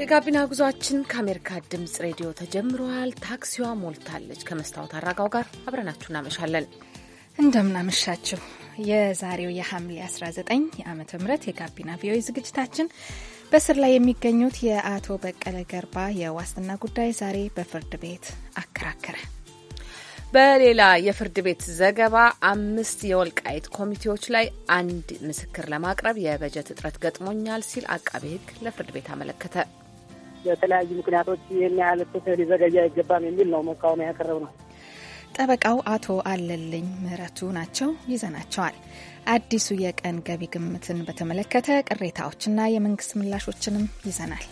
የጋቢና ጉዟችን ከአሜሪካ ድምፅ ሬዲዮ ተጀምረዋል። ታክሲዋ ሞልታለች። ከመስታወት አራጋው ጋር አብረናችሁ እናመሻለን። እንደምናመሻችሁ የዛሬው የሐምሌ 19 የዓመተ ምህረት የጋቢና ቪኦኤ ዝግጅታችን በስር ላይ የሚገኙት የአቶ በቀለ ገርባ የዋስትና ጉዳይ ዛሬ በፍርድ ቤት አከራከረ። በሌላ የፍርድ ቤት ዘገባ አምስት የወልቃይት ኮሚቴዎች ላይ አንድ ምስክር ለማቅረብ የበጀት እጥረት ገጥሞኛል ሲል አቃቤ ሕግ ለፍርድ ቤት አመለከተ። በተለያዩ ምክንያቶች ይህን ያህል ፍትህ ሊዘገይ አይገባም የሚል ነው መቃወሚያ ያቀረብ ነው። ጠበቃው አቶ አለልኝ ምህረቱ ናቸው። ይዘናቸዋል። አዲሱ የቀን ገቢ ግምትን በተመለከተ ቅሬታዎችና የመንግስት ምላሾችንም ይዘናል።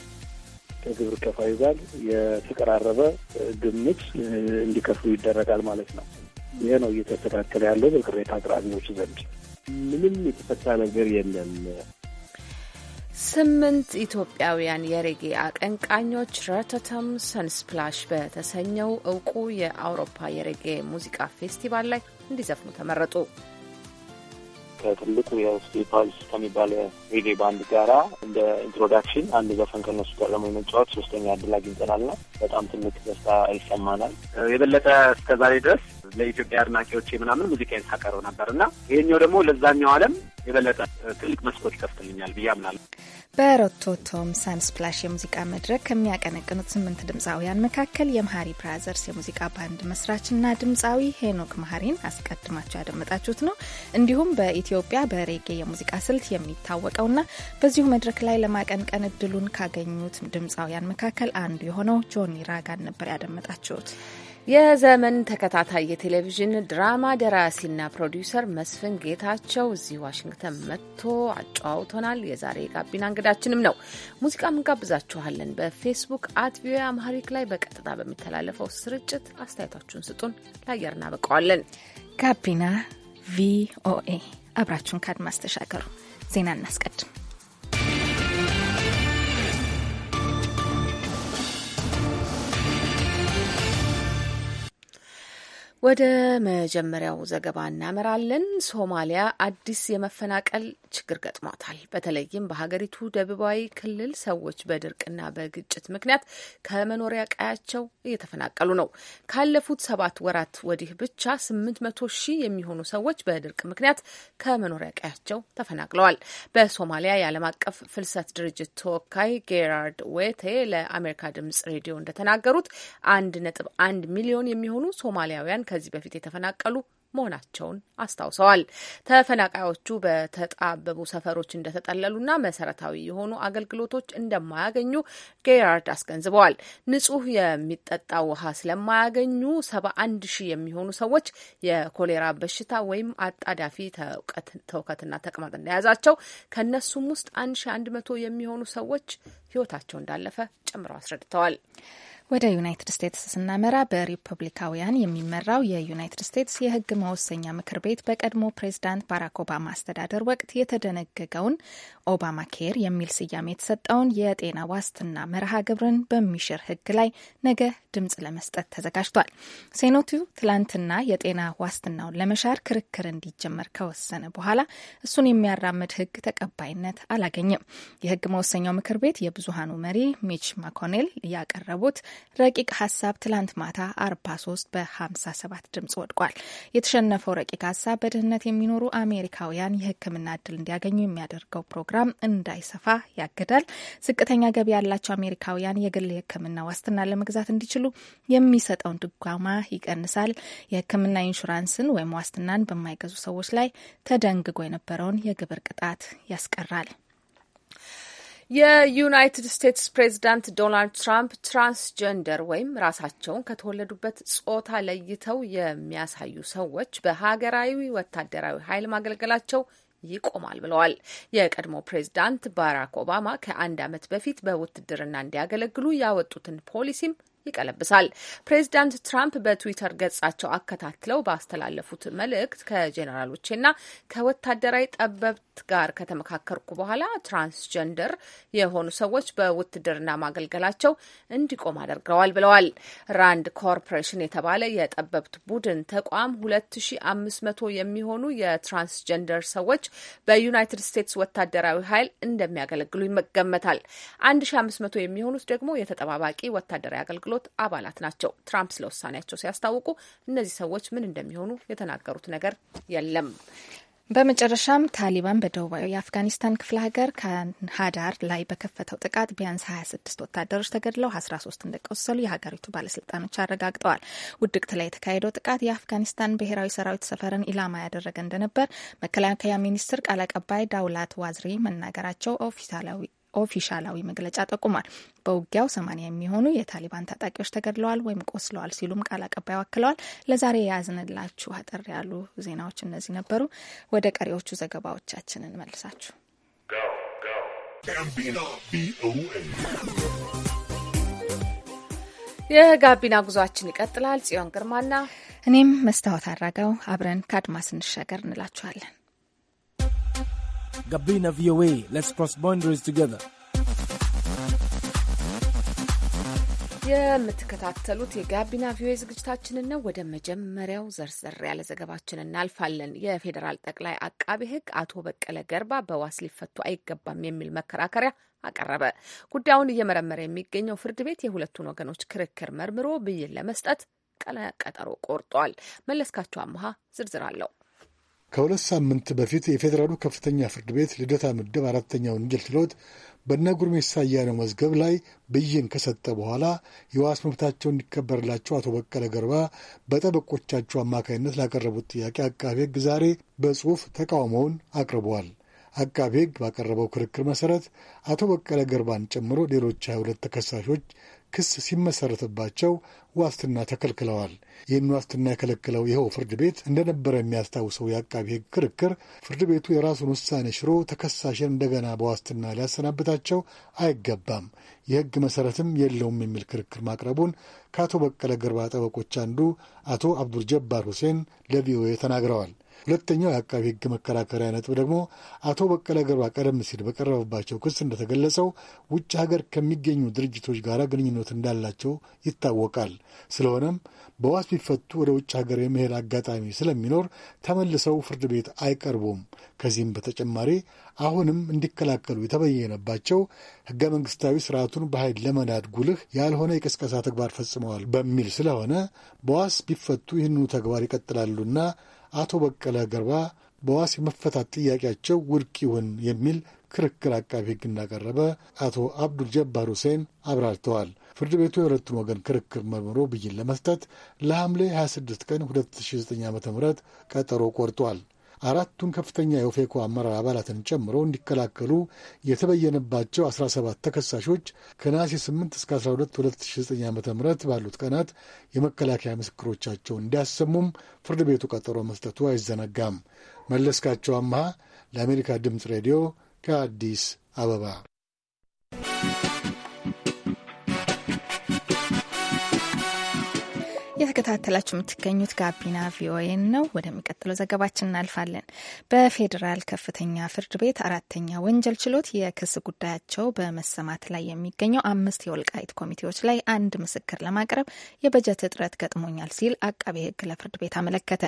ከግብር ከፋዩ ጋር የተቀራረበ ግምት እንዲከፍሉ ይደረጋል ማለት ነው። ይሄ ነው እየተስተካከለ ያለው በቅሬታ አቅራቢዎች ዘንድ። ምንም የተፈታ ነገር የለም። ስምንት ኢትዮጵያውያን የሬጌ አቀንቃኞች ረተተም ሰንስፕላሽ በተሰኘው እውቁ የአውሮፓ የሬጌ ሙዚቃ ፌስቲቫል ላይ እንዲዘፍኑ ተመረጡ። ከትልቁ የስቴፓልስ ከሚባለ ሬጌ ባንድ ጋራ እንደ ኢንትሮዳክሽን አንድ ዘፈን ከነሱ ጋር ደግሞ የመጫወት ሶስተኛ እድል ነው። በጣም ትልቅ ደስታ ይሰማናል። የበለጠ እስከዛሬ ድረስ ለኢትዮጵያ አድናቂዎች ምናምን ሙዚቃ ሳቀርብ ነበር እና ይሄኛው ደግሞ ለዛኛው ዓለም የበለጠ ትልቅ መስኮት ይከፍትልኛል ብዬ አምናለሁ። በሮቶቶም ሳንስፕላሽ የሙዚቃ መድረክ ከሚያቀነቅኑት ስምንት ድምፃውያን መካከል የመሀሪ ብራዘርስ የሙዚቃ ባንድ መስራችና ድምፃዊ ሄኖክ መሀሪን አስቀድማቸው ያደመጣችሁት ነው። እንዲሁም በኢትዮጵያ በሬጌ የሙዚቃ ስልት የሚታወቀውና በዚሁ መድረክ ላይ ለማቀንቀን እድሉን ካገኙት ድምፃውያን መካከል አንዱ የሆነው ጆኒ ራጋን ነበር ያደመጣችሁት። የዘመን ተከታታይ የቴሌቪዥን ድራማ ደራሲና ፕሮዲውሰር መስፍን ጌታቸው እዚህ ዋሽንግተን መጥቶ አጫውቶናል። የዛሬ ጋቢና እንግዳችንም ነው። ሙዚቃም እንጋብዛችኋለን። በፌስቡክ አት ቪኦኤ አማሪክ ላይ በቀጥታ በሚተላለፈው ስርጭት አስተያየታችሁን ስጡን፣ ለአየር እናበቀዋለን። ጋቢና ቪኦኤ አብራችሁን ከአድማስ ተሻገሩ። ዜና እናስቀድም። ወደ መጀመሪያው ዘገባ እናመራለን። ሶማሊያ አዲስ የመፈናቀል ችግር ገጥሟታል። በተለይም በሀገሪቱ ደቡባዊ ክልል ሰዎች በድርቅና በግጭት ምክንያት ከመኖሪያ ቀያቸው እየተፈናቀሉ ነው። ካለፉት ሰባት ወራት ወዲህ ብቻ ስምንት መቶ ሺህ የሚሆኑ ሰዎች በድርቅ ምክንያት ከመኖሪያ ቀያቸው ተፈናቅለዋል። በሶማሊያ የዓለም አቀፍ ፍልሰት ድርጅት ተወካይ ጌራርድ ዌቴ ለአሜሪካ ድምጽ ሬዲዮ እንደተናገሩት አንድ ነጥብ አንድ ሚሊዮን የሚሆኑ ሶማሊያውያን ከዚህ በፊት የተፈናቀሉ መሆናቸውን አስታውሰዋል። ተፈናቃዮቹ በተጣበቡ ሰፈሮች እንደተጠለሉና መሰረታዊ የሆኑ አገልግሎቶች እንደማያገኙ ጌራርድ አስገንዝበዋል። ንጹህ የሚጠጣ ውሃ ስለማያገኙ ሰባ አንድ ሺህ የሚሆኑ ሰዎች የኮሌራ በሽታ ወይም አጣዳፊ ተውከትና ተቅማጥ እንደያዛቸው ከእነሱም ውስጥ አንድ ሺ አንድ መቶ የሚሆኑ ሰዎች ህይወታቸው እንዳለፈ ጨምረው አስረድተዋል። ወደ ዩናይትድ ስቴትስ ስናመራ በሪፐብሊካውያን የሚመራው የዩናይትድ ስቴትስ የሕግ መወሰኛ ምክር ቤት በቀድሞ ፕሬዚዳንት ባራክ ኦባማ አስተዳደር ወቅት የተደነገገውን ኦባማ ኬር የሚል ስያሜ የተሰጠውን የጤና ዋስትና መርሃ ግብርን በሚሽር ሕግ ላይ ነገ ድምጽ ለመስጠት ተዘጋጅቷል። ሴኖቱ ትላንትና የጤና ዋስትናውን ለመሻር ክርክር እንዲጀመር ከወሰነ በኋላ እሱን የሚያራምድ ሕግ ተቀባይነት አላገኘም። የሕግ መወሰኛው ምክር ቤት የብዙሃኑ መሪ ሚች ማኮኔል ያቀረቡት ረቂቅ ሀሳብ ትላንት ማታ 43 በ57 ድምጽ ወድቋል። የተሸነፈው ረቂቅ ሀሳብ በድህነት የሚኖሩ አሜሪካውያን የሕክምና እድል እንዲያገኙ የሚያደርገው ፕሮግራም እንዳይሰፋ ያግዳል። ዝቅተኛ ገቢ ያላቸው አሜሪካውያን የግል የሕክምና ዋስትና ለመግዛት እንዲችሉ የሚሰጠውን ድጓማ ይቀንሳል። የሕክምና ኢንሹራንስን ወይም ዋስትናን በማይገዙ ሰዎች ላይ ተደንግጎ የነበረውን የግብር ቅጣት ያስቀራል። የዩናይትድ ስቴትስ ፕሬዝዳንት ዶናልድ ትራምፕ ትራንስጀንደር ወይም ራሳቸውን ከተወለዱበት ጾታ ለይተው የሚያሳዩ ሰዎች በሀገራዊ ወታደራዊ ኃይል ማገልገላቸው ይቆማል ብለዋል። የቀድሞ ፕሬዝዳንት ባራክ ኦባማ ከአንድ ዓመት በፊት በውትድርና እንዲያገለግሉ ያወጡትን ፖሊሲም ይቀለብሳል። ፕሬዚዳንት ትራምፕ በትዊተር ገጻቸው አከታትለው ባስተላለፉት መልእክት ከጄኔራሎቼና ከወታደራዊ ጠበብት ጋር ከተመካከርኩ በኋላ ትራንስጀንደር የሆኑ ሰዎች በውትድርና ማገልገላቸው እንዲቆም አድርገዋል ብለዋል። ራንድ ኮርፖሬሽን የተባለ የጠበብት ቡድን ተቋም 2500 የሚሆኑ የትራንስጀንደር ሰዎች በዩናይትድ ስቴትስ ወታደራዊ ኃይል እንደሚያገለግሉ ይገመታል። 1500 የሚሆኑት ደግሞ የተጠባባቂ ወታደራዊ አገልግሎት አገልግሎት አባላት ናቸው። ትራምፕ ስለ ውሳኔያቸው ሲያስታውቁ እነዚህ ሰዎች ምን እንደሚሆኑ የተናገሩት ነገር የለም። በመጨረሻም ታሊባን በደቡባዊ የአፍጋኒስታን ክፍለ ሀገር ካንሃዳር ላይ በከፈተው ጥቃት ቢያንስ 26 ወታደሮች ተገድለው 13 እንደቆሰሉ የሀገሪቱ ባለስልጣኖች አረጋግጠዋል። ውድቅት ላይ የተካሄደው ጥቃት የአፍጋኒስታን ብሔራዊ ሰራዊት ሰፈርን ኢላማ ያደረገ እንደነበር መከላከያ ሚኒስትር ቃል አቀባይ ዳውላት ዋዝሪ መናገራቸው ኦፊሳላዊ ኦፊሻላዊ መግለጫ ጠቁሟል። በውጊያው ሰማኒያ የሚሆኑ የታሊባን ታጣቂዎች ተገድለዋል ወይም ቆስለዋል ሲሉም ቃል አቀባዩ አክለዋል። ለዛሬ የያዝንላችሁ አጠር ያሉ ዜናዎች እነዚህ ነበሩ። ወደ ቀሪዎቹ ዘገባዎቻችን እንመልሳችሁ። የጋቢና ጉዟችን ይቀጥላል። ጽዮን ግርማና እኔም መስታወት አድራገው አብረን ከአድማስ እንሻገር እንላችኋለን። Gabina VOA. Let's cross boundaries together. የምትከታተሉት የጋቢና ቪኦኤ ዝግጅታችንን ነው። ወደ መጀመሪያው ዘርዘር ያለ ዘገባችን እናልፋለን። የፌዴራል ጠቅላይ አቃቤ ሕግ አቶ በቀለ ገርባ በዋስ ሊፈቱ አይገባም የሚል መከራከሪያ አቀረበ። ጉዳዩን እየመረመረ የሚገኘው ፍርድ ቤት የሁለቱን ወገኖች ክርክር መርምሮ ብይን ለመስጠት ቀነ ቀጠሮ ቆርጧል። መለስካቸው አመሀ ዝርዝር አለው። ከሁለት ሳምንት በፊት የፌዴራሉ ከፍተኛ ፍርድ ቤት ልደታ ምድብ አራተኛ ወንጀል ችሎት በእነ ጉርሜሳ አያሌው መዝገብ ላይ ብይን ከሰጠ በኋላ የዋስ መብታቸው እንዲከበርላቸው አቶ በቀለ ገርባ በጠበቆቻቸው አማካኝነት ላቀረቡት ጥያቄ አቃቤ ሕግ ዛሬ በጽሁፍ ተቃውሞውን አቅርበዋል። አቃቤ ሕግ ባቀረበው ክርክር መሰረት አቶ በቀለ ገርባን ጨምሮ ሌሎች 22 ተከሳሾች ክስ ሲመሰረትባቸው ዋስትና ተከልክለዋል። ይህን ዋስትና የከለክለው ይኸው ፍርድ ቤት እንደነበረ የሚያስታውሰው የአቃቢ ሕግ ክርክር ፍርድ ቤቱ የራሱን ውሳኔ ሽሮ ተከሳሽን እንደገና በዋስትና ሊያሰናብታቸው አይገባም፣ የሕግ መሰረትም የለውም የሚል ክርክር ማቅረቡን ከአቶ በቀለ ገርባ ጠበቆች አንዱ አቶ አብዱልጀባር ሁሴን ለቪኦኤ ተናግረዋል። ሁለተኛው የአቃቢ ሕግ መከራከሪያ ነጥብ ደግሞ አቶ በቀለ ገርባ ቀደም ሲል በቀረበባቸው ክስ እንደተገለጸው ውጭ ሀገር ከሚገኙ ድርጅቶች ጋር ግንኙነት እንዳላቸው ይታወቃል። ስለሆነም በዋስ ቢፈቱ ወደ ውጭ ሀገር የመሄድ አጋጣሚ ስለሚኖር ተመልሰው ፍርድ ቤት አይቀርቡም። ከዚህም በተጨማሪ አሁንም እንዲከላከሉ የተበየነባቸው ህገ መንግስታዊ ስርዓቱን በኃይል ለመናድ ጉልህ ያልሆነ የቅስቀሳ ተግባር ፈጽመዋል በሚል ስለሆነ በዋስ ቢፈቱ ይህንኑ ተግባር ይቀጥላሉና አቶ በቀለ ገርባ በዋስ የመፈታት ጥያቄያቸው ውድቅ ይሁን የሚል ክርክር አቃቢ ህግ እንዳቀረበ አቶ አብዱል ጀባር ሁሴን አብራርተዋል። ፍርድ ቤቱ የሁለቱን ወገን ክርክር መርምሮ ብይን ለመስጠት ለሐምሌ 26 ቀን 2009 ዓ ም ቀጠሮ ቆርጧል። አራቱን ከፍተኛ የኦፌኮ አመራር አባላትን ጨምሮ እንዲከላከሉ የተበየነባቸው 17 ተከሳሾች ከነሐሴ 8 እስከ 12 2009 ዓ ም ባሉት ቀናት የመከላከያ ምስክሮቻቸውን እንዲያሰሙም ፍርድ ቤቱ ቀጠሮ መስጠቱ አይዘነጋም። መለስካቸው አምሃ ለአሜሪካ ድምፅ ሬዲዮ ከአዲስ አበባ እየተከታተላችሁ የምትገኙት ጋቢና ቪኦኤን ነው። ወደሚቀጥለው ዘገባችን እናልፋለን። በፌዴራል ከፍተኛ ፍርድ ቤት አራተኛ ወንጀል ችሎት የክስ ጉዳያቸው በመሰማት ላይ የሚገኘው አምስት የወልቃይት ኮሚቴዎች ላይ አንድ ምስክር ለማቅረብ የበጀት እጥረት ገጥሞኛል ሲል አቃቤ ሕግ ለፍርድ ቤት አመለከተ።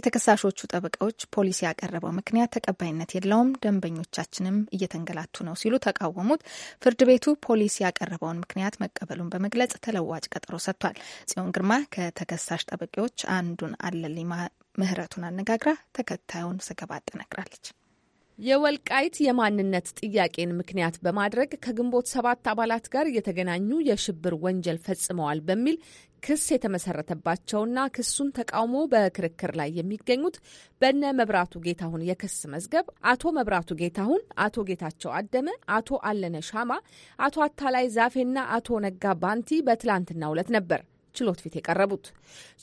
የተከሳሾቹ ጠበቃዎች ፖሊስ ያቀረበው ምክንያት ተቀባይነት የለውም፣ ደንበኞቻችንም እየተንገላቱ ነው ሲሉ ተቃወሙት። ፍርድ ቤቱ ፖሊስ ያቀረበውን ምክንያት መቀበሉን በመግለጽ ተለዋጭ ቀጠሮ ሰጥቷል። ጽዮን ግርማ ከተከሳሽ ጠበቂዎች አንዱን አለልኝ ምህረቱን አነጋግራ ተከታዩን ዘገባ አጠናቅራለች። የወልቃይት የማንነት ጥያቄን ምክንያት በማድረግ ከግንቦት ሰባት አባላት ጋር የተገናኙ የሽብር ወንጀል ፈጽመዋል በሚል ክስ የተመሰረተባቸውና ክሱን ተቃውሞ በክርክር ላይ የሚገኙት በነ መብራቱ ጌታሁን የክስ መዝገብ አቶ መብራቱ ጌታሁን፣ አቶ ጌታቸው አደመ፣ አቶ አለነ ሻማ፣ አቶ አታላይ ዛፌና አቶ ነጋ ባንቲ በትላንትናው ዕለት ነበር ችሎት ፊት የቀረቡት።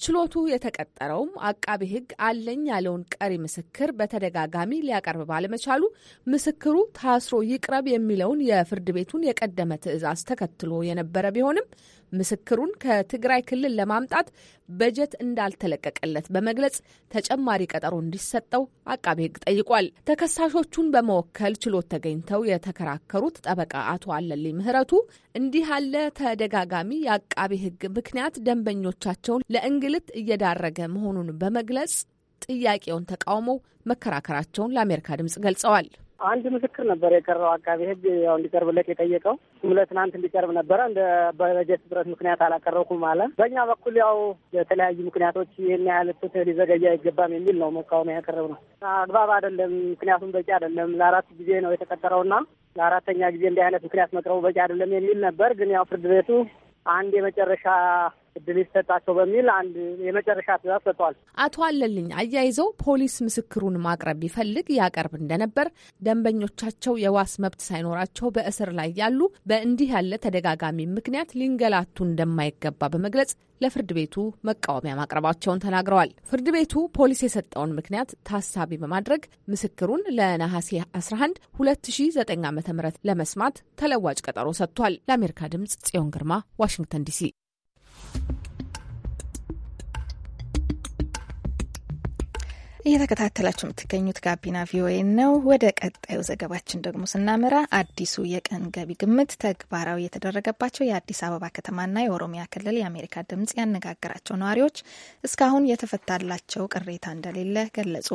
ችሎቱ የተቀጠረውም አቃቢ ሕግ አለኝ ያለውን ቀሪ ምስክር በተደጋጋሚ ሊያቀርብ ባለመቻሉ ምስክሩ ታስሮ ይቅረብ የሚለውን የፍርድ ቤቱን የቀደመ ትዕዛዝ ተከትሎ የነበረ ቢሆንም ምስክሩን ከትግራይ ክልል ለማምጣት በጀት እንዳልተለቀቀለት በመግለጽ ተጨማሪ ቀጠሮ እንዲሰጠው አቃቤ ሕግ ጠይቋል። ተከሳሾቹን በመወከል ችሎት ተገኝተው የተከራከሩት ጠበቃ አቶ አለልኝ ምህረቱ እንዲህ ያለ ተደጋጋሚ የአቃቤ ሕግ ምክንያት ደንበኞቻቸውን ለእንግልት እየዳረገ መሆኑን በመግለጽ ጥያቄውን ተቃውመው መከራከራቸውን ለአሜሪካ ድምጽ ገልጸዋል። አንድ ምስክር ነበር የቀረው። አቃቤ ሕግ ያው እንዲቀርብለት የጠየቀው ሁለ ትናንት እንዲቀርብ ነበረ። እንደ በጀት እጥረት ምክንያት አላቀረብኩም አለ። በእኛ በኩል ያው የተለያዩ ምክንያቶች ይህን ያህል ፍትህ ሊዘገይ አይገባም የሚል ነው መቃወሚያ ያቀረብ ነው። አግባብ አይደለም፣ ምክንያቱም በቂ አይደለም። ለአራት ጊዜ ነው የተቀጠረውና ለአራተኛ ጊዜ እንዲህ አይነት ምክንያት መቅረቡ በቂ አይደለም የሚል ነበር። ግን ያው ፍርድ ቤቱ አንድ የመጨረሻ እድል ይሰጣቸው በሚል አንድ የመጨረሻ ትእዛዝ ሰጥተዋል። አቶ አለልኝ አያይዘው ፖሊስ ምስክሩን ማቅረብ ቢፈልግ ያቀርብ እንደነበር፣ ደንበኞቻቸው የዋስ መብት ሳይኖራቸው በእስር ላይ ያሉ በእንዲህ ያለ ተደጋጋሚ ምክንያት ሊንገላቱ እንደማይገባ በመግለጽ ለፍርድ ቤቱ መቃወሚያ ማቅረባቸውን ተናግረዋል። ፍርድ ቤቱ ፖሊስ የሰጠውን ምክንያት ታሳቢ በማድረግ ምስክሩን ለነሐሴ 11 2009 ዓ.ም ለመስማት ተለዋጭ ቀጠሮ ሰጥቷል። ለአሜሪካ ድምጽ ጽዮን ግርማ ዋሽንግተን ዲሲ እየተከታተላችሁ የምትገኙት ጋቢና ቪኦኤ ነው። ወደ ቀጣዩ ዘገባችን ደግሞ ስናመራ አዲሱ የቀን ገቢ ግምት ተግባራዊ የተደረገባቸው የአዲስ አበባ ከተማና የኦሮሚያ ክልል የአሜሪካ ድምጽ ያነጋገራቸው ነዋሪዎች እስካሁን የተፈታላቸው ቅሬታ እንደሌለ ገለጹ።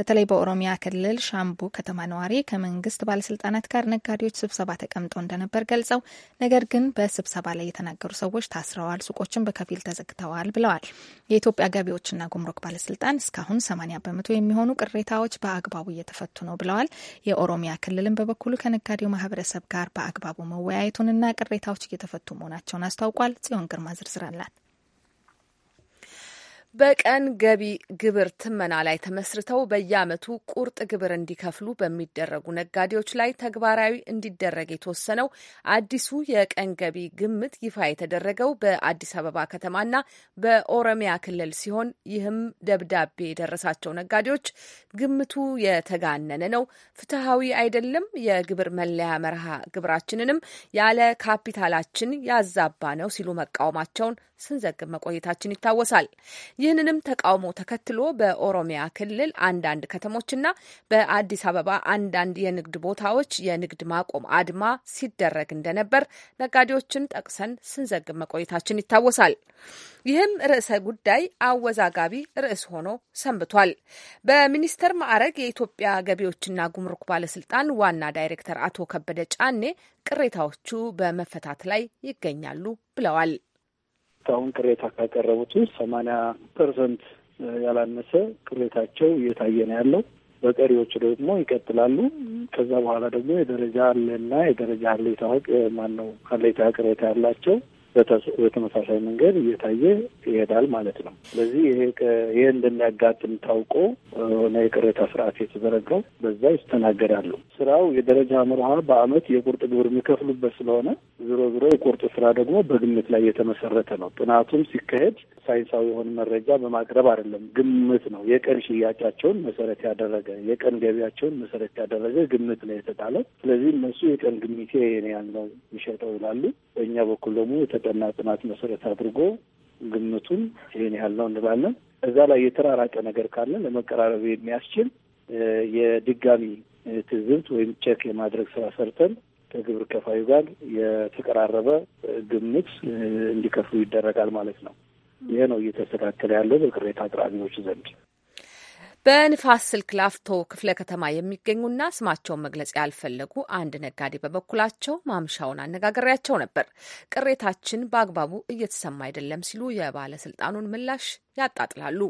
በተለይ በኦሮሚያ ክልል ሻምቡ ከተማ ነዋሪ ከመንግስት ባለስልጣናት ጋር ነጋዴዎች ስብሰባ ተቀምጠው እንደነበር ገልጸው ነገር ግን በስብሰባ ላይ የተናገሩ ሰዎች ታስረዋል፣ ሱቆችን በከፊል ተዘግተዋል ብለዋል። የኢትዮጵያ ገቢዎችና ጉምሩክ ባለስልጣን እስካሁን ሰማኒያ በመቶ የሚሆኑ ቅሬታዎች በአግባቡ እየተፈቱ ነው ብለዋል። የኦሮሚያ ክልልም በበኩሉ ከነጋዴው ማህበረሰብ ጋር በአግባቡ መወያየቱንና ቅሬታዎች እየተፈቱ መሆናቸውን አስታውቋል። ጽዮን ግርማ ዝርዝር አላት። በቀን ገቢ ግብር ትመና ላይ ተመስርተው በየዓመቱ ቁርጥ ግብር እንዲከፍሉ በሚደረጉ ነጋዴዎች ላይ ተግባራዊ እንዲደረግ የተወሰነው አዲሱ የቀን ገቢ ግምት ይፋ የተደረገው በአዲስ አበባ ከተማና በኦሮሚያ ክልል ሲሆን ይህም ደብዳቤ የደረሳቸው ነጋዴዎች ግምቱ የተጋነነ ነው፣ ፍትሐዊ አይደለም፣ የግብር መለያ መርሃ ግብራችንንም ያለ ካፒታላችን ያዛባ ነው ሲሉ መቃወማቸውን ስንዘግብ መቆየታችን ይታወሳል። ይህንንም ተቃውሞ ተከትሎ በኦሮሚያ ክልል አንዳንድ ከተሞችና በአዲስ አበባ አንዳንድ የንግድ ቦታዎች የንግድ ማቆም አድማ ሲደረግ እንደነበር ነጋዴዎችን ጠቅሰን ስንዘግብ መቆየታችን ይታወሳል። ይህም ርዕሰ ጉዳይ አወዛጋቢ ርዕስ ሆኖ ሰንብቷል። በሚኒስተር ማዕረግ የኢትዮጵያ ገቢዎችና ጉምሩክ ባለስልጣን ዋና ዳይሬክተር አቶ ከበደ ጫኔ ቅሬታዎቹ በመፈታት ላይ ይገኛሉ ብለዋል። እስካሁን ቅሬታ ካቀረቡት ውስጥ ሰማንያ ፐርሰንት ያላነሰ ቅሬታቸው እየታየ ነው ያለው። በቀሪዎቹ ደግሞ ይቀጥላሉ። ከዛ በኋላ ደግሞ የደረጃ አለና የደረጃ ሀሌታ ማን ነው ሀሌታ ቅሬታ ያላቸው በተመሳሳይ መንገድ እየታየ ይሄዳል ማለት ነው። ስለዚህ ይሄ ይሄ እንደሚያጋጥም ታውቆ ሆነ የቅሬታ ስርዓት የተዘረጋው በዛ ይስተናገዳሉ። ስራው የደረጃ መርሃ በአመት የቁርጥ ግብር የሚከፍሉበት ስለሆነ ዞሮ ዞሮ የቁርጥ ስራ ደግሞ በግምት ላይ የተመሰረተ ነው። ጥናቱም ሲካሄድ ሳይንሳዊ የሆነ መረጃ በማቅረብ አይደለም፣ ግምት ነው። የቀን ሽያጫቸውን መሰረት ያደረገ የቀን ገቢያቸውን መሰረት ያደረገ ግምት ላይ የተጣለ ስለዚህ እነሱ የቀን ግሚቴ ነው የሚሸጠው ይላሉ። በእኛ በኩል ደግሞ መረጃና ጥናት መሰረት አድርጎ ግምቱን ይህን ያህል ነው እንላለን። እዛ ላይ የተራራቀ ነገር ካለ ለመቀራረብ የሚያስችል የድጋሚ ትዝብት ወይም ቼክ የማድረግ ስራ ሰርተን ከግብር ከፋዩ ጋር የተቀራረበ ግምት እንዲከፍሉ ይደረጋል ማለት ነው። ይህ ነው እየተስተካከለ ያለው በቅሬታ አቅራቢዎች ዘንድ። በንፋስ ስልክ ላፍቶ ክፍለ ከተማ የሚገኙና ስማቸውን መግለጽ ያልፈለጉ አንድ ነጋዴ በበኩላቸው ማምሻውን አነጋገሪያቸው ነበር። ቅሬታችን በአግባቡ እየተሰማ አይደለም ሲሉ የባለስልጣኑን ምላሽ ያጣጥላሉ።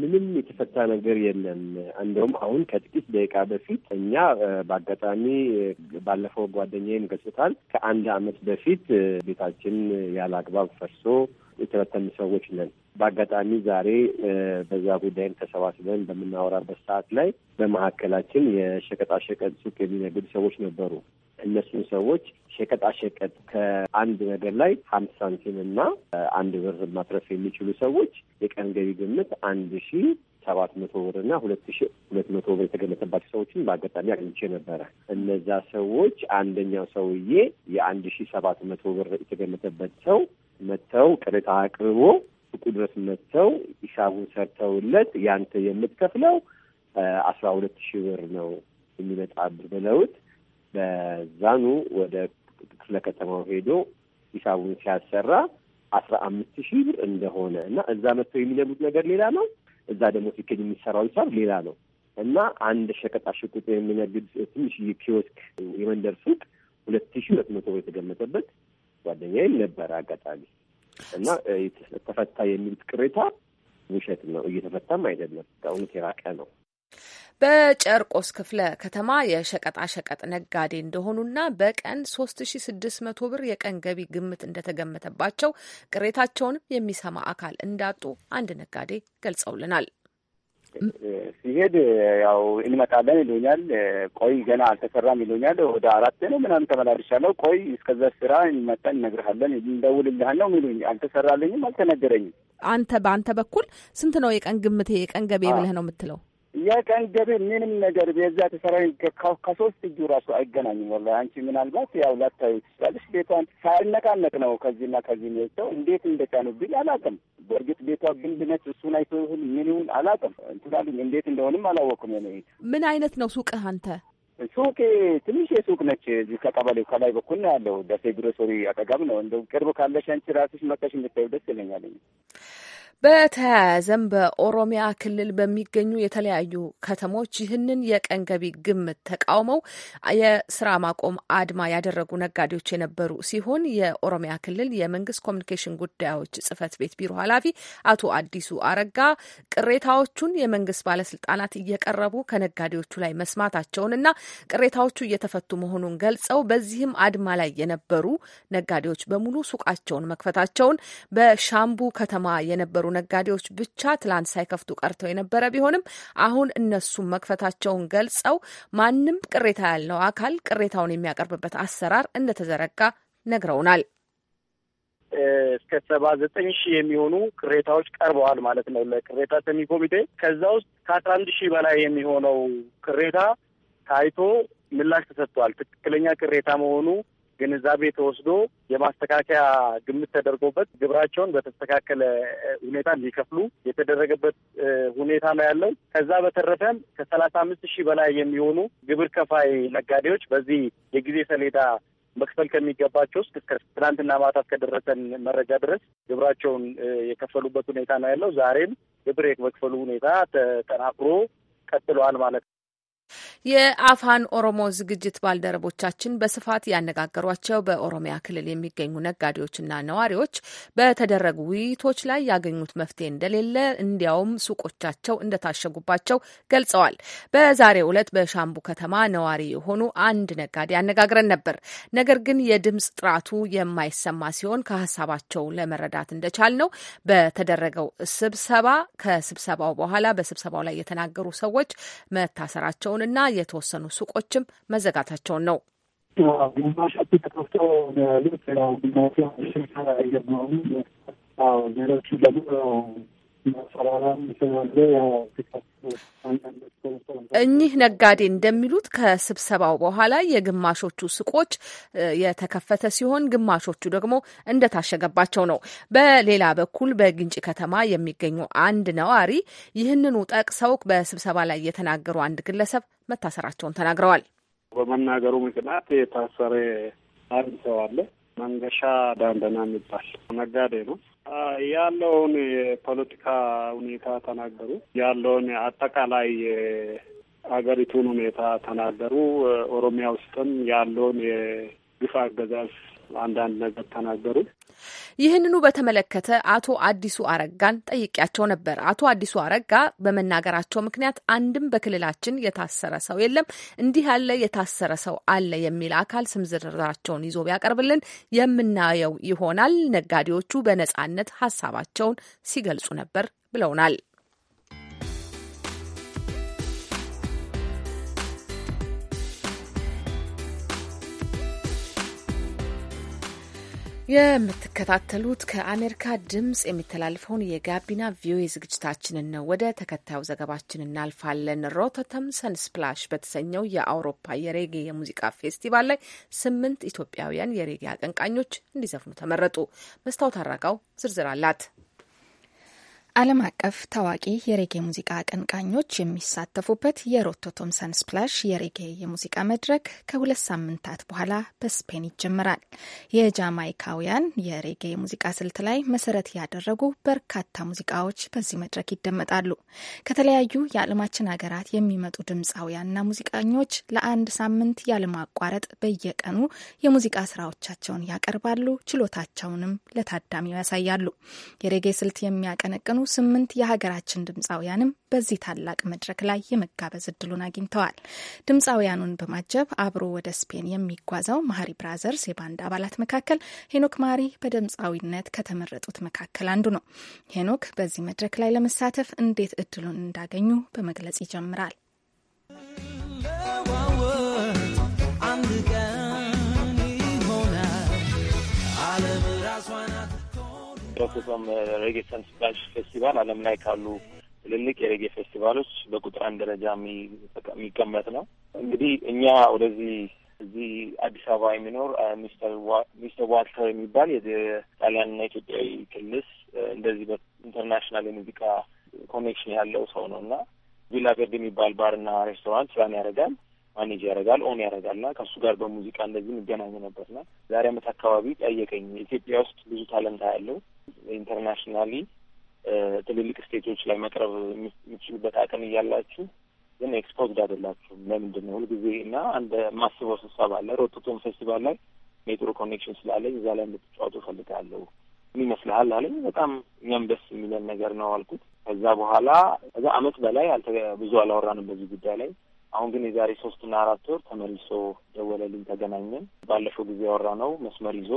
ምንም የተፈታ ነገር የለም። እንደውም አሁን ከጥቂት ደቂቃ በፊት እኛ በአጋጣሚ ባለፈው ጓደኛዬን ገጽታል ከአንድ አመት በፊት ቤታችን ያለ አግባብ ፈርሶ የተበተኑ ሰዎች ነን። በአጋጣሚ ዛሬ በዛ ጉዳይም ተሰባስበን በምናወራበት ሰዓት ላይ በመካከላችን የሸቀጣሸቀጥ ሱቅ የሚነግድ ሰዎች ነበሩ። እነሱን ሰዎች ሸቀጣሸቀጥ ከአንድ ነገር ላይ ሀምሳ ሳንቲም እና አንድ ብር ማትረፍ የሚችሉ ሰዎች የቀን ገቢ ግምት አንድ ሺ ሰባት መቶ ብር እና ሁለት ሺ ሁለት መቶ ብር የተገመተባቸው ሰዎችን በአጋጣሚ አግኝቼ ነበረ። እነዛ ሰዎች አንደኛው ሰውዬ የአንድ ሺ ሰባት መቶ ብር የተገመተበት ሰው መጥተው ቅሬታ አቅርቦ ሱቁ ድረስ መጥተው ሂሳቡን ሰርተውለት ያንተ የምትከፍለው አስራ ሁለት ሺህ ብር ነው የሚመጣ ብር ብለውት በዛኑ ወደ ክፍለ ከተማው ሄዶ ሂሳቡን ሲያሰራ አስራ አምስት ሺህ ብር እንደሆነ እና እዛ መጥተው የሚለሙት ነገር ሌላ ነው። እዛ ደግሞ ሲኬድ የሚሰራው ሂሳብ ሌላ ነው እና አንድ ሸቀጣ ሽቁጥ የሚነግድ ትንሽ ኪዮስክ የመንደር ሱቅ ሁለት ሺህ ሁለት መቶ ብር የተገመተበት ጓደኛዬም ነበረ አጋጣሚ እና ተፈታ የሚሉት ቅሬታ ውሸት ነው። እየተፈታም አይደለም፣ ከእውነት የራቀ ነው። በጨርቆስ ክፍለ ከተማ የሸቀጣሸቀጥ ነጋዴ እንደሆኑና በቀን 3600 ብር የቀን ገቢ ግምት እንደተገመተባቸው ቅሬታቸውንም የሚሰማ አካል እንዳጡ አንድ ነጋዴ ገልጸውልናል። ሲሄድ ያው እንመጣለን ይሉኛል። ቆይ ገና አልተሰራም ይሉኛል። ወደ አራት ነው ምናምን ተመላልሻለሁ። ቆይ እስከዛ ስራ እንመጣን እነግርሃለን፣ እንደውልልሃል ነው የሚሉኝ። አልተሰራልኝም፣ አልተነገረኝም። አንተ በአንተ በኩል ስንት ነው የቀን ግምቴ የቀን ገቤ ብለህ ነው የምትለው? የቀን ገቢ ምንም ነገር በዛ ተሰራዊ ከሶስት እጁ ራሱ አይገናኝም። ወላ አንቺ ምናልባት ያው ላታዩ ትችላለች። ቤቷን ሳያነቃነቅ ነው ከዚህና ከዚህ ሚወጣው እንዴት እንደጫኑብኝ አላውቅም። በእርግጥ ቤቷ ግንብ ነች። እሱን አይቶ ይሁን ምን ይሁን አላውቅም። እንትናሉኝ እንዴት እንደሆንም አላወቅም። ነ ምን አይነት ነው ሱቅህ አንተ? ሱቅ ትንሽ የሱቅ ነች። እዚህ ከቀበሌው ከላይ በኩል ነው ያለው። ደሴ ግሮሶሪ አጠገብ ነው። እንደው ቅርብ ካለሽ አንቺ ራስሽ መቀሽ የምታዩ ደስ ይለኛል። በተያያዘም በኦሮሚያ ክልል በሚገኙ የተለያዩ ከተሞች ይህንን የቀን ገቢ ግምት ተቃውመው የስራ ማቆም አድማ ያደረጉ ነጋዴዎች የነበሩ ሲሆን የኦሮሚያ ክልል የመንግስት ኮሚኒኬሽን ጉዳዮች ጽህፈት ቤት ቢሮ ኃላፊ አቶ አዲሱ አረጋ ቅሬታዎቹን የመንግስት ባለስልጣናት እየቀረቡ ከነጋዴዎቹ ላይ መስማታቸውንና ቅሬታዎቹ እየተፈቱ መሆኑን ገልጸው በዚህም አድማ ላይ የነበሩ ነጋዴዎች በሙሉ ሱቃቸውን መክፈታቸውን በሻምቡ ከተማ የነበሩ ነጋዴዎች ብቻ ትላንት ሳይከፍቱ ቀርተው የነበረ ቢሆንም አሁን እነሱም መክፈታቸውን ገልጸው ማንም ቅሬታ ያለው አካል ቅሬታውን የሚያቀርብበት አሰራር እንደተዘረጋ ነግረውናል። እስከ ሰባ ዘጠኝ ሺህ የሚሆኑ ቅሬታዎች ቀርበዋል ማለት ነው ለቅሬታ ሰሚ ኮሚቴ። ከዛ ውስጥ ከአስራ አንድ ሺህ በላይ የሚሆነው ቅሬታ ታይቶ ምላሽ ተሰጥቷል። ትክክለኛ ቅሬታ መሆኑ ግንዛቤ ተወስዶ የማስተካከያ ግምት ተደርጎበት ግብራቸውን በተስተካከለ ሁኔታ እንዲከፍሉ የተደረገበት ሁኔታ ነው ያለው። ከዛ በተረፈም ከሰላሳ አምስት ሺህ በላይ የሚሆኑ ግብር ከፋይ ነጋዴዎች በዚህ የጊዜ ሰሌዳ መክፈል ከሚገባቸው ውስጥ እስከ ትናንትና ማታ እስከደረሰን መረጃ ድረስ ግብራቸውን የከፈሉበት ሁኔታ ነው ያለው። ዛሬም ግብር የመክፈሉ ሁኔታ ተጠናክሮ ቀጥለዋል ማለት ነው። የአፋን ኦሮሞ ዝግጅት ባልደረቦቻችን በስፋት ያነጋገሯቸው በኦሮሚያ ክልል የሚገኙ ነጋዴዎችና ነዋሪዎች በተደረጉ ውይይቶች ላይ ያገኙት መፍትሄ እንደሌለ እንዲያውም ሱቆቻቸው እንደታሸጉባቸው ገልጸዋል። በዛሬው ዕለት በሻምቡ ከተማ ነዋሪ የሆኑ አንድ ነጋዴ አነጋግረን ነበር። ነገር ግን የድምፅ ጥራቱ የማይሰማ ሲሆን ከሀሳባቸው ለመረዳት እንደቻል ነው በተደረገው ስብሰባ ከስብሰባው በኋላ በስብሰባው ላይ የተናገሩ ሰዎች መታሰራቸውንና የተወሰኑ ሱቆችም መዘጋታቸውን ነው። እኚህ ነጋዴ እንደሚሉት ከስብሰባው በኋላ የግማሾቹ ሱቆች የተከፈተ ሲሆን ግማሾቹ ደግሞ እንደታሸገባቸው ነው። በሌላ በኩል በግንጭ ከተማ የሚገኙ አንድ ነዋሪ ይህንኑ ጠቅሰው በስብሰባ ላይ የተናገሩ አንድ ግለሰብ መታሰራቸውን ተናግረዋል። በመናገሩ ምክንያት የታሰረ አንድ ሰው አለ። መንገሻ ዳንደና የሚባል ነጋዴ ነው። ያለውን የፖለቲካ ሁኔታ ተናገሩ። ያለውን አጠቃላይ አገሪቱን ሁኔታ ተናገሩ። ኦሮሚያ ውስጥም ያለውን የግፍ አገዛዝ አንዳንድ ነገር ተናገሩ። ይህንኑ በተመለከተ አቶ አዲሱ አረጋን ጠይቂያቸው ነበር። አቶ አዲሱ አረጋ በመናገራቸው ምክንያት አንድም በክልላችን የታሰረ ሰው የለም፣ እንዲህ ያለ የታሰረ ሰው አለ የሚል አካል ስም ዝርዝራቸውን ይዞ ቢያቀርብልን የምናየው ይሆናል። ነጋዴዎቹ በነጻነት ሀሳባቸውን ሲገልጹ ነበር ብለውናል። የምትከታተሉት ከአሜሪካ ድምጽ የሚተላለፈውን የጋቢና ቪኦኤ ዝግጅታችንን ነው። ወደ ተከታዩ ዘገባችን እናልፋለን። ሮተተም ሰንስፕላሽ በተሰኘው የአውሮፓ የሬጌ የሙዚቃ ፌስቲቫል ላይ ስምንት ኢትዮጵያውያን የሬጌ አቀንቃኞች እንዲዘፍኑ ተመረጡ። መስታወት አራጋው ዝርዝር አላት። ዓለም አቀፍ ታዋቂ የሬጌ ሙዚቃ አቀንቃኞች የሚሳተፉበት የሮቶ ቶምሰን ስፕላሽ የሬጌ የሙዚቃ መድረክ ከሁለት ሳምንታት በኋላ በስፔን ይጀምራል። የጃማይካውያን የሬጌ ሙዚቃ ስልት ላይ መሰረት ያደረጉ በርካታ ሙዚቃዎች በዚህ መድረክ ይደመጣሉ። ከተለያዩ የዓለማችን ሀገራት የሚመጡ ድምፃውያንና ሙዚቀኞች ለአንድ ሳምንት ያለማቋረጥ በየቀኑ የሙዚቃ ስራዎቻቸውን ያቀርባሉ። ችሎታቸውንም ለታዳሚው ያሳያሉ። የሬጌ ስልት የሚያቀነቅኑ ስምንት የሀገራችን ድምፃውያንም በዚህ ታላቅ መድረክ ላይ የመጋበዝ እድሉን አግኝተዋል። ድምፃውያኑን በማጀብ አብሮ ወደ ስፔን የሚጓዘው ማህሪ ብራዘርስ የባንድ አባላት መካከል ሄኖክ ማሪ በድምፃዊነት ከተመረጡት መካከል አንዱ ነው። ሄኖክ በዚህ መድረክ ላይ ለመሳተፍ እንዴት እድሉን እንዳገኙ በመግለጽ ይጀምራል። የምትዳሰሰውም ሬጌ ሰንስፕላሽ ፌስቲቫል ዓለም ላይ ካሉ ትልልቅ የሬጌ ፌስቲቫሎች በቁጥር አንድ ደረጃ የሚቀመጥ ነው። እንግዲህ እኛ ወደዚህ እዚህ አዲስ አበባ የሚኖር ሚስተር ዋልተር የሚባል የጣሊያንና ኢትዮጵያዊ ክልስ እንደዚህ በኢንተርናሽናል የሙዚቃ ኮኔክሽን ያለው ሰው ነው እና ቪላ ቬርድ የሚባል ባርና ሬስቶራንት ስራን ያደርጋል፣ ማኔጅ ያደርጋል፣ ኦን ያደርጋል እና ከእሱ ጋር በሙዚቃ እንደዚህ የሚገናኝ ነበር ነበርና ዛሬ አመት አካባቢ ጠየቀኝ። ኢትዮጵያ ውስጥ ብዙ ታለንታ ያለው ኢንተርናሽናሊ uh, ትልልቅ ስቴቶች ላይ መቅረብ የምትችሉበት አቅም እያላችሁ ግን ኤክስፖዝድ አይደላችሁም። ለምንድን ነው ሁልጊዜ? እና አንድ ማስበው ስብሰባ አለ ሮቶቶም ፌስቲቫል ላይ ኔትወርክ ኮኔክሽን ስላለኝ እዛ ላይ እንድትጫወቱ እፈልጋለሁ ምን ይመስልሃል አለኝ። በጣም እኛም ደስ የሚለን ነገር ነው አልኩት። ከዛ በኋላ ከዛ አመት በላይ ብዙ አላወራንም በዚህ ጉዳይ ላይ አሁን ግን የዛሬ ሶስትና አራት ወር ተመልሶ ደወለልኝ። ተገናኘን። ባለፈው ጊዜ ያወራ ነው መስመር ይዞ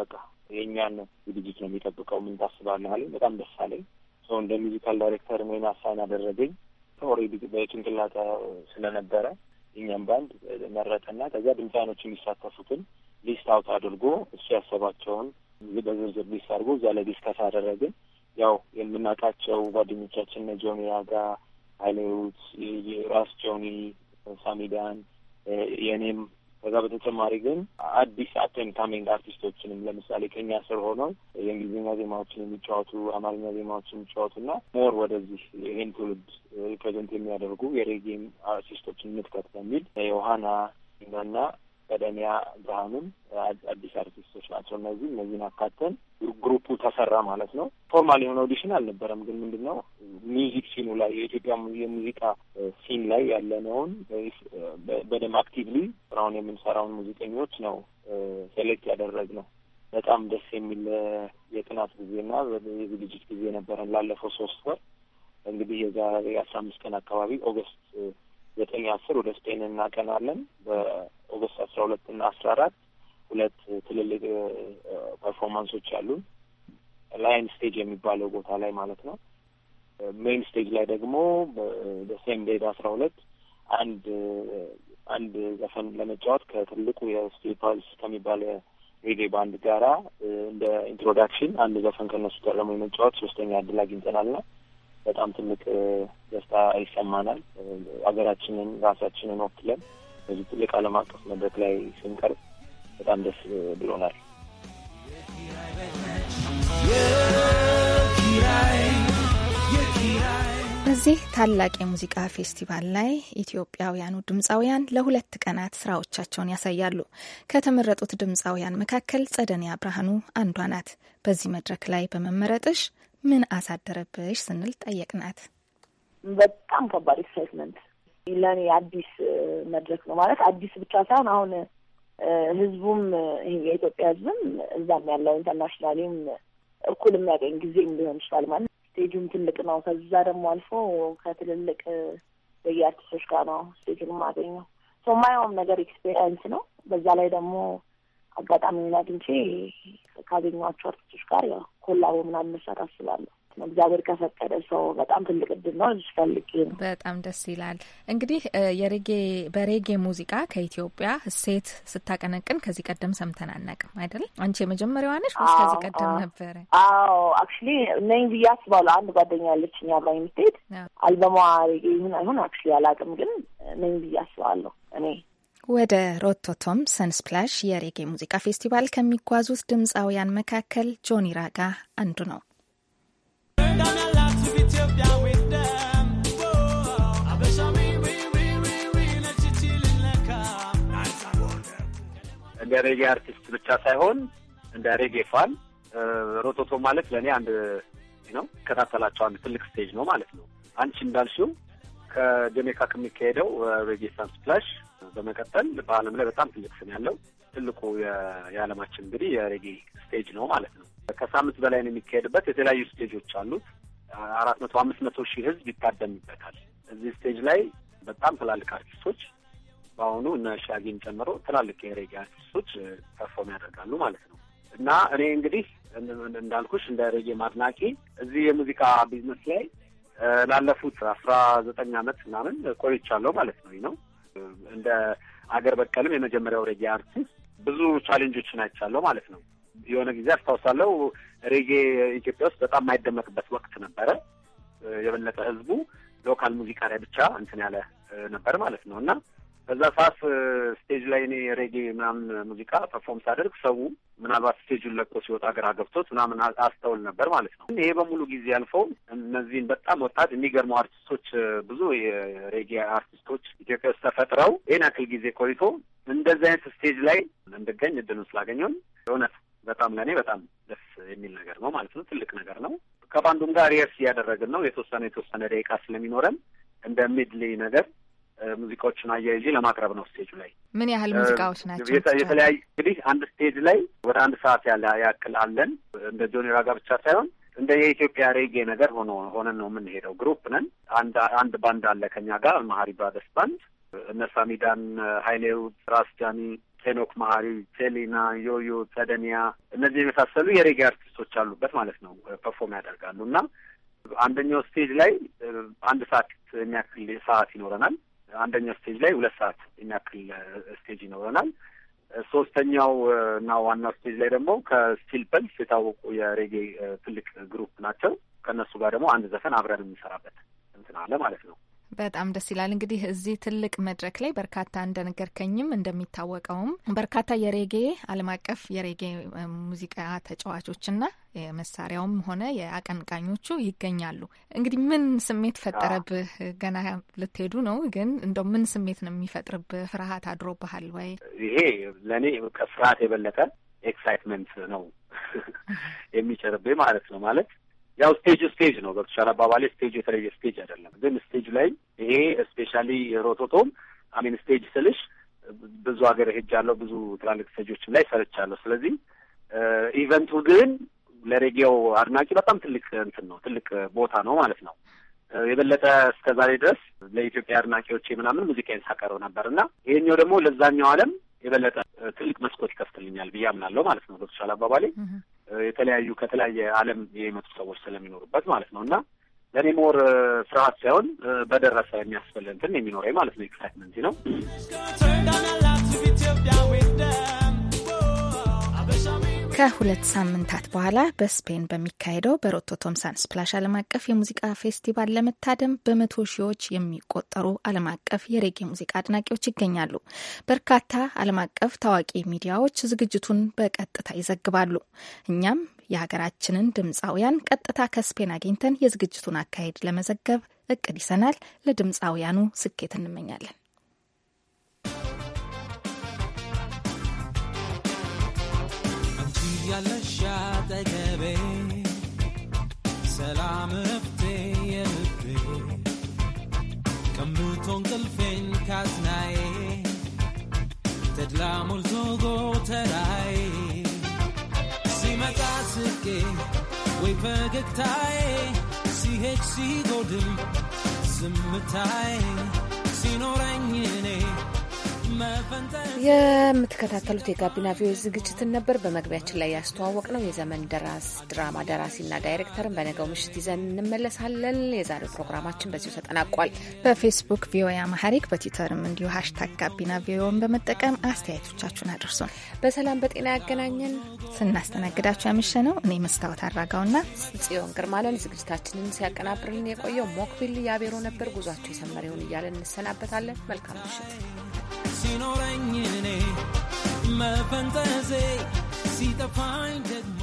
በቃ የእኛን ዝግጅት ነው የሚጠብቀው። ምን ታስባለህ አለኝ። በጣም ደስ አለኝ። ሰው እንደ ሚዚካል ዳይሬክተር ወይን አሳይን አደረገኝ። ኦልሬዲ በጭንቅላታ ስለነበረ የእኛም ባንድ መረጠና ከዚያ ድምፃኖች የሚሳተፉትን ሊስት አውት አድርጎ እሱ ያሰባቸውን በዝርዝር ሊስት አድርጎ እዛ ላይ ዲስከስ አደረግን። ያው የምናውቃቸው ጓደኞቻችን እነ ጆኒያ ጋር ሀይለሩት የራስ ጆኒ፣ ሳሚዳን የእኔም ከዛ በተጨማሪ ግን አዲስ አቴም ካሚንግ አርቲስቶችንም ለምሳሌ ከኛ ስር ሆነው የእንግሊዝኛ ዜማዎችን የሚጫወቱ አማርኛ ዜማዎችን የሚጫወቱ የሚጫወቱና ሞር ወደዚህ ይህን ትውልድ ሪፕሬዘንት የሚያደርጉ የሬጌም አርቲስቶችን ምትከት በሚል የዮሀና እና ቀደሚያ ብርሃንም አዲስ አርቲስቶች ናቸው። እነዚህ እነዚህን አካተን ግሩፑ ተሰራ ማለት ነው። ፎርማል የሆነ ኦዲሽን አልነበረም። ግን ምንድን ነው ሚውዚክ ሲኑ ላይ የኢትዮጵያ የሙዚቃ ሲን ላይ ያለነውን በደንብ አክቲቭሊ ስራውን የምንሰራውን ሙዚቀኞች ነው ሴሌክት ያደረግነው። በጣም ደስ የሚል የጥናት ጊዜና የዝግጅት ጊዜ ነበረን ላለፈው ሶስት ወር እንግዲህ የዛሬ አስራ አምስት ቀን አካባቢ ኦገስት ዘጠኝ አስር ወደ ስፔን እናቀናለን። ኦገስት አስራ ሁለት እና አስራ አራት ሁለት ትልልቅ ፐርፎርማንሶች አሉን ላይን ስቴጅ የሚባለው ቦታ ላይ ማለት ነው። ሜይን ስቴጅ ላይ ደግሞ በሴም ዴድ አስራ ሁለት አንድ አንድ ዘፈን ለመጫወት ከትልቁ የስቴፓልስ ከሚባለ ሬጌ ባንድ ጋራ እንደ ኢንትሮዳክሽን አንድ ዘፈን ከነሱ ጋር ደግሞ የመጫወት ሶስተኛ እድል አግኝተናልና በጣም ትልቅ ደስታ ይሰማናል። ሀገራችንን ራሳችንን ወክለን በዚህ ትልቅ ዓለም አቀፍ መድረክ ላይ ስንቀርብ በጣም ደስ ብሎናል። በዚህ ታላቅ የሙዚቃ ፌስቲቫል ላይ ኢትዮጵያውያኑ ድምፃውያን ለሁለት ቀናት ስራዎቻቸውን ያሳያሉ። ከተመረጡት ድምፃውያን መካከል ጸደኒያ ብርሃኑ አንዷ ናት። በዚህ መድረክ ላይ በመመረጥሽ ምን አሳደረብሽ ስንል ጠየቅናት። በጣም ከባድ ኤክሳይትመንት ለእኔ አዲስ መድረክ ነው ማለት አዲስ ብቻ ሳይሆን አሁን ህዝቡም የኢትዮጵያ ህዝብም እዛም ያለው ኢንተርናሽናሊም እኩል የሚያገኝ ጊዜ ሊሆን ይችላል ማለት ስቴጁም ትልቅ ነው። ከዛ ደግሞ አልፎ ከትልልቅ በየአርቲስቶች ጋር ነው ስቴጁን የማገኘው። ማየውም ነገር ኤክስፔሪንስ ነው። በዛ ላይ ደግሞ አጋጣሚ አግኝቼ ካገኟቸው አርቲስቶች ጋር ያው ኮላቦ ምናምን መስራት አስባለሁ። ነው። እግዚአብሔር ከፈቀደ ሰው በጣም ትልቅ እድል ነው። ፈልጌ ነው። በጣም ደስ ይላል። እንግዲህ የሬጌ በሬጌ ሙዚቃ ከኢትዮጵያ እሴት ስታቀነቅን ከዚህ ቀደም ሰምተን አናቅም አይደል? አንቺ የመጀመሪያዋ ነሽ ወይስ ከዚህ ቀደም ነበረ? አዎ አክቹሊ ነኝ ብዬ አስባለሁ። አንድ ጓደኛ ያለች እኛ ባይ ምትሄድ አልበሟ ሬጌ ይሁን አይሁን አክቹሊ አላቅም፣ ግን ነኝ ብዬ አስባለሁ እኔ ወደ ሮቶቶም ሰንስፕላሽ የሬጌ ሙዚቃ ፌስቲቫል ከሚጓዙት ድምፃውያን መካከል ጆኒ ራጋ አንዱ ነው። እንደ ሬጌ አርቲስት ብቻ ሳይሆን እንደ ሬጌ ፋን ሮቶቶ ማለት ለእኔ አንድ ነው። ከታተላቸው አንድ ትልቅ ስቴጅ ነው ማለት ነው። አንቺ እንዳልሽው ከጀሜካ ከሚካሄደው ሬጌሳን ፕላሽ በመቀጠል በዓለም ላይ በጣም ትልቅ ስም ያለው ትልቁ የዓለማችን እንግዲህ የሬጌ ስቴጅ ነው ማለት ነው። ከሳምንት በላይ ነው የሚካሄድበት። የተለያዩ ስቴጆች አሉት። አራት መቶ አምስት መቶ ሺህ ህዝብ ይታደምበታል። እዚህ ስቴጅ ላይ በጣም ትላልቅ አርቲስቶች በአሁኑ እነ ሻጊን ጨምሮ ትላልቅ የሬጌ አርቲስቶች ፐርፎርም ያደርጋሉ ማለት ነው። እና እኔ እንግዲህ እንዳልኩሽ እንደ ሬጌ ማድናቂ እዚህ የሙዚቃ ቢዝነስ ላይ ላለፉት አስራ ዘጠኝ አመት ምናምን ቆይቻለሁ ማለት ነው ነው እንደ አገር በቀልም የመጀመሪያው ሬጌ አርቲስት ብዙ ቻሌንጆችን አይቻለሁ ማለት ነው። የሆነ ጊዜ አስታውሳለሁ ሬጌ ኢትዮጵያ ውስጥ በጣም የማይደመቅበት ወቅት ነበረ። የበለጠ ህዝቡ ሎካል ሙዚቃ ላይ ብቻ እንትን ያለ ነበር ማለት ነው እና በዛ ሰዓት ስቴጅ ላይ እኔ ሬጌ ምናምን ሙዚቃ ፐርፎርም ሳደርግ ሰው ምናልባት ስቴጁን ለቆ ሲወጣ ሀገር ገብቶት ምናምን አስተውል ነበር ማለት ነው። ይሄ በሙሉ ጊዜ ያልፈው እነዚህን በጣም ወጣት የሚገርሙ አርቲስቶች ብዙ የሬጌ አርቲስቶች ኢትዮጵያ ውስጥ ተፈጥረው ይህን ያክል ጊዜ ቆይቶ እንደዚህ አይነት ስቴጅ ላይ እንድገኝ እድሉን ስላገኘውን እውነት በጣም ለእኔ በጣም ደስ የሚል ነገር ነው ማለት ነው። ትልቅ ነገር ነው። ከባንዱም ጋር ሪየርስ እያደረግን ነው የተወሰነ የተወሰነ ደቂቃ ስለሚኖረን እንደ ሚድሊ ነገር ሙዚቃዎችን አያይዤ ለማቅረብ ነው። ስቴጁ ላይ ምን ያህል ሙዚቃዎች ናቸው? የተለያዩ እንግዲህ አንድ ስቴጅ ላይ ወደ አንድ ሰዓት ያለ ያክል አለን። እንደ ጆኒ ራጋ ብቻ ሳይሆን እንደ የኢትዮጵያ ሬጌ ነገር ሆኖ ሆነን ነው የምንሄደው። ግሩፕ ነን። አንድ አንድ ባንድ አለ ከኛ ጋር መሀሪ ብራደርስ ባንድ እነ ሳሚዳን ሀይሌው፣ ራስ ጃኒ፣ ቴኖክ መሀሪ፣ ቴሊና፣ ዮዮ፣ ተደኒያ እነዚህ የመሳሰሉ የሬጌ አርቲስቶች አሉበት ማለት ነው። ፐርፎርም ያደርጋሉ እና አንደኛው ስቴጅ ላይ አንድ ሰዓት የሚያክል ሰዓት ይኖረናል። አንደኛው ስቴጅ ላይ ሁለት ሰዓት የሚያክል ስቴጅ ይኖረናል። ሶስተኛው እና ዋናው ስቴጅ ላይ ደግሞ ከስቲል ፐልስ የታወቁ የሬጌ ትልቅ ግሩፕ ናቸው። ከእነሱ ጋር ደግሞ አንድ ዘፈን አብረን የምንሰራበት እንትን አለ ማለት ነው። በጣም ደስ ይላል። እንግዲህ እዚህ ትልቅ መድረክ ላይ በርካታ እንደነገርከኝም እንደሚታወቀውም በርካታ የሬጌ ዓለም አቀፍ የሬጌ ሙዚቃ ተጫዋቾችና የመሳሪያውም ሆነ የአቀንቃኞቹ ይገኛሉ። እንግዲህ ምን ስሜት ፈጠረብህ? ገና ልትሄዱ ነው፣ ግን እንደው ምን ስሜት ነው የሚፈጥርብህ? ፍርሃት አድሮብሃል ወይ? ይሄ ለእኔ ከፍርሃት የበለጠ ኤክሳይትመንት ነው የሚጭርብኝ ማለት ነው ማለት ያው ስቴጅ ስቴጅ ነው። በተሻለ አባባሌ ስቴጅ የተለየ ስቴጅ አይደለም። ግን ስቴጅ ላይ ይሄ ስፔሻሊ ሮቶቶም አሚን ስቴጅ ስልሽ ብዙ ሀገር ሄጃለሁ። ብዙ ትላልቅ ስቴጆችም ላይ ሰርቻለሁ። ስለዚህ ኢቨንቱ ግን ለሬጌው አድናቂ በጣም ትልቅ እንትን ነው፣ ትልቅ ቦታ ነው ማለት ነው። የበለጠ እስከ ዛሬ ድረስ ለኢትዮጵያ አድናቂዎች ምናምን ሙዚቃ ሳቀርብ ነበር እና ይሄኛው ደግሞ ለዛኛው ዓለም የበለጠ ትልቅ መስኮት ይከፍትልኛል ብዬ አምናለሁ ማለት ነው በተሻለ አባባሌ። የተለያዩ ከተለያየ ዓለም የመጡ ሰዎች ስለሚኖሩበት ማለት ነው እና ለእኔ ሞር ፍርሃት ሳይሆን በደረሰ የሚያስፈል እንትን የሚኖረኝ ማለት ነው ኤክሳይትመንት ነው። ከሁለት ሳምንታት በኋላ በስፔን በሚካሄደው በሮቶ ቶምሳን ስፕላሽ ዓለም አቀፍ የሙዚቃ ፌስቲቫል ለመታደም በመቶ ሺዎች የሚቆጠሩ ዓለም አቀፍ የሬጌ ሙዚቃ አድናቂዎች ይገኛሉ። በርካታ ዓለም አቀፍ ታዋቂ ሚዲያዎች ዝግጅቱን በቀጥታ ይዘግባሉ። እኛም የሀገራችንን ድምፃውያን ቀጥታ ከስፔን አግኝተን የዝግጅቱን አካሄድ ለመዘገብ እቅድ ይዘናል። ለድምፃውያኑ ስኬት እንመኛለን። ያለሻት አጠገቤ ሰላም እፍቴ የልቤ ቀምቶ እንቅልፌን ካዝናዬ ተድላ ሞልቶ ጎተራዬ ሲመጣ ስቄ ወይ ፈገግታዬ ሲሄድ ሲጎድል ዝምታዬ ሲኖረኝ እኔ የምትከታተሉት የጋቢና ቪዮች ዝግጅትን ነበር። በመግቢያችን ላይ ያስተዋወቅ ነው የዘመን ደራስ ድራማ ደራሲና ዳይሬክተርን በነገው ምሽት ይዘን እንመለሳለን። የዛሬው ፕሮግራማችን በዚሁ ተጠናቋል። በፌስቡክ ቪኦኤ አማሐሪክ በትዊተርም እንዲሁ ሀሽታግ ጋቢና ቪኦኤን በመጠቀም አስተያየቶቻችሁን አድርሱን። በሰላም በጤና ያገናኘን። ስናስተናግዳችሁ ያምሸ ነው እኔ መስታወት አራጋውና ጽዮን ግርማለን። ዝግጅታችንን ሲያቀናብርልን የቆየው ሞክቢል ያቤሮ ነበር። ጉዟቸው የሰመሪውን እያለን እንሰናበታለን። መልካም ምሽት። sinoregnene me fantasy see the find